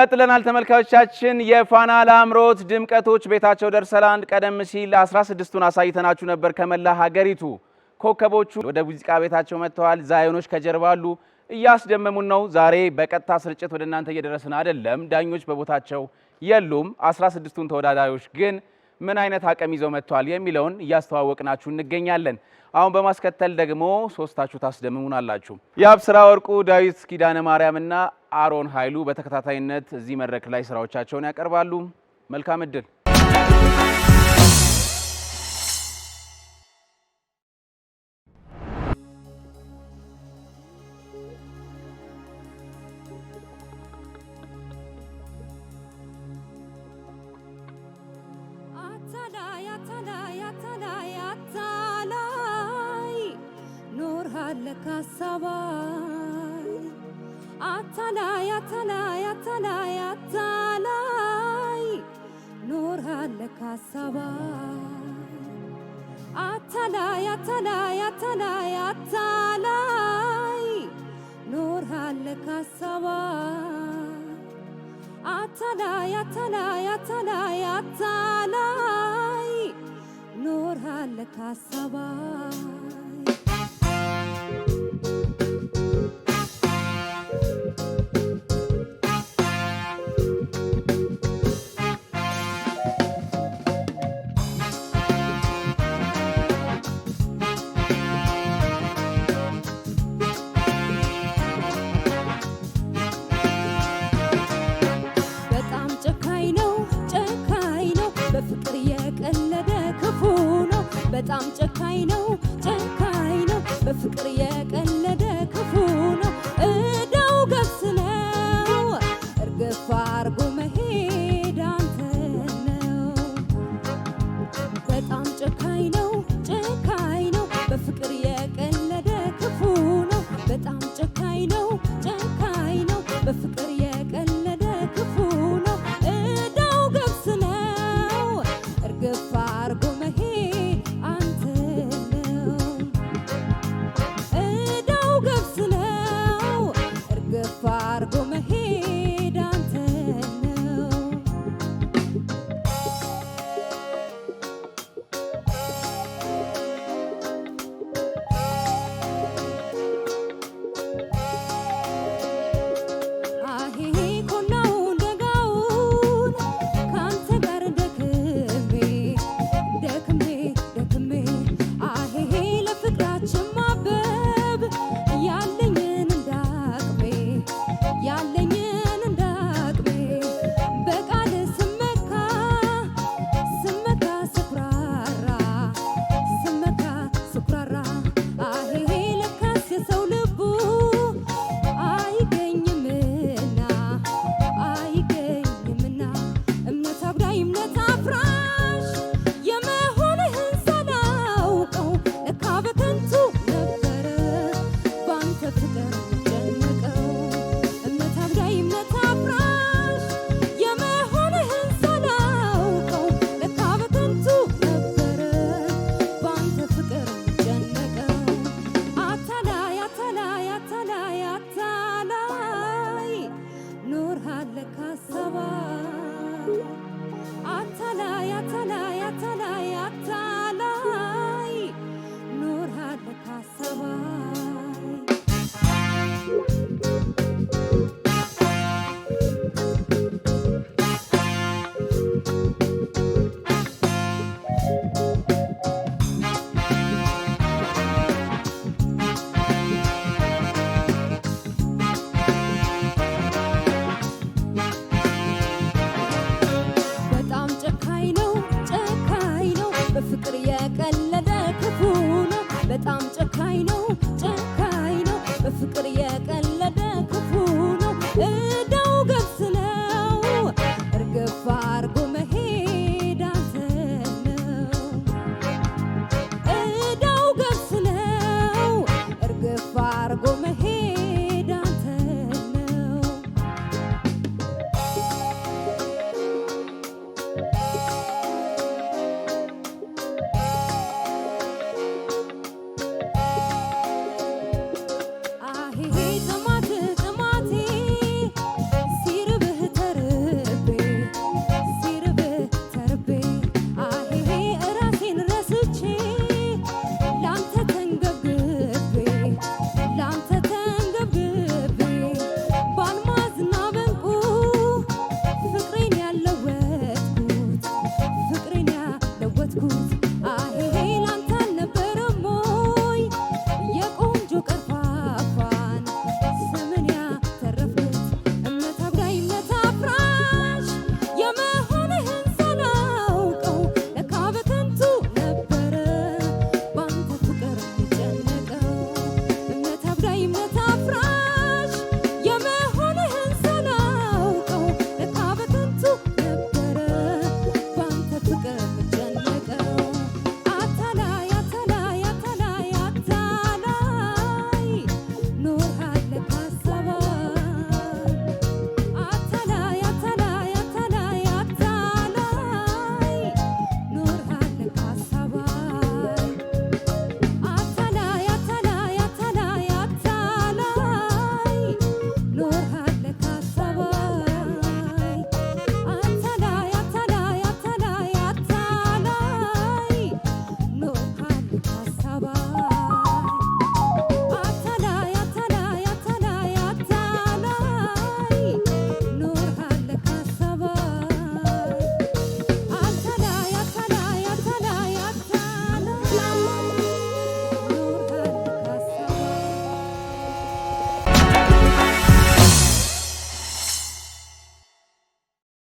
ቀጥለናል ተመልካዮቻችን። የፋና ላምሮት ድምቀቶች ቤታቸው ደርሰላንድ ቀደም ሲል 16ቱን አሳይተናችሁ ነበር። ከመላ ሀገሪቱ ኮከቦቹ ወደ ሙዚቃ ቤታቸው መጥተዋል። ዛዮኖች ከጀርባ አሉ፣ እያስደመሙን ነው። ዛሬ በቀጥታ ስርጭት ወደ እናንተ እየደረስን አይደለም፣ ዳኞች በቦታቸው የሉም። 16ቱን ተወዳዳሪዎች ግን ምን አይነት አቅም ይዘው መጥተዋል የሚለውን እያስተዋወቅናችሁ እንገኛለን። አሁን በማስከተል ደግሞ ሶስታችሁ ታስደምሙናላችሁ። የአብስራ ወርቁ፣ ዳዊት ኪዳነ ማርያምና አሮን ኃይሉ በተከታታይነት እዚህ መድረክ ላይ ስራዎቻቸውን ያቀርባሉ። መልካም እድል። Kasaba አታላይ አታላይ አታላይ አታላይ ኖርሃል ካሳባ አታላይ አታላይ አታላይ አታላይ ኖርሃል ካሳባ አታላይ አታላይ አታላይ አታላይ ኖርሃል ካሳባ በጣም ጨካኝ ነው ጨካኝ ነው በፍቅር የቀለደ ክፉ ነው እዳው ገብስ ነው እርግፍ አርጎ መሄድ አንተ ነው በጣም ጨካኝ ነው ፍቅር የቀል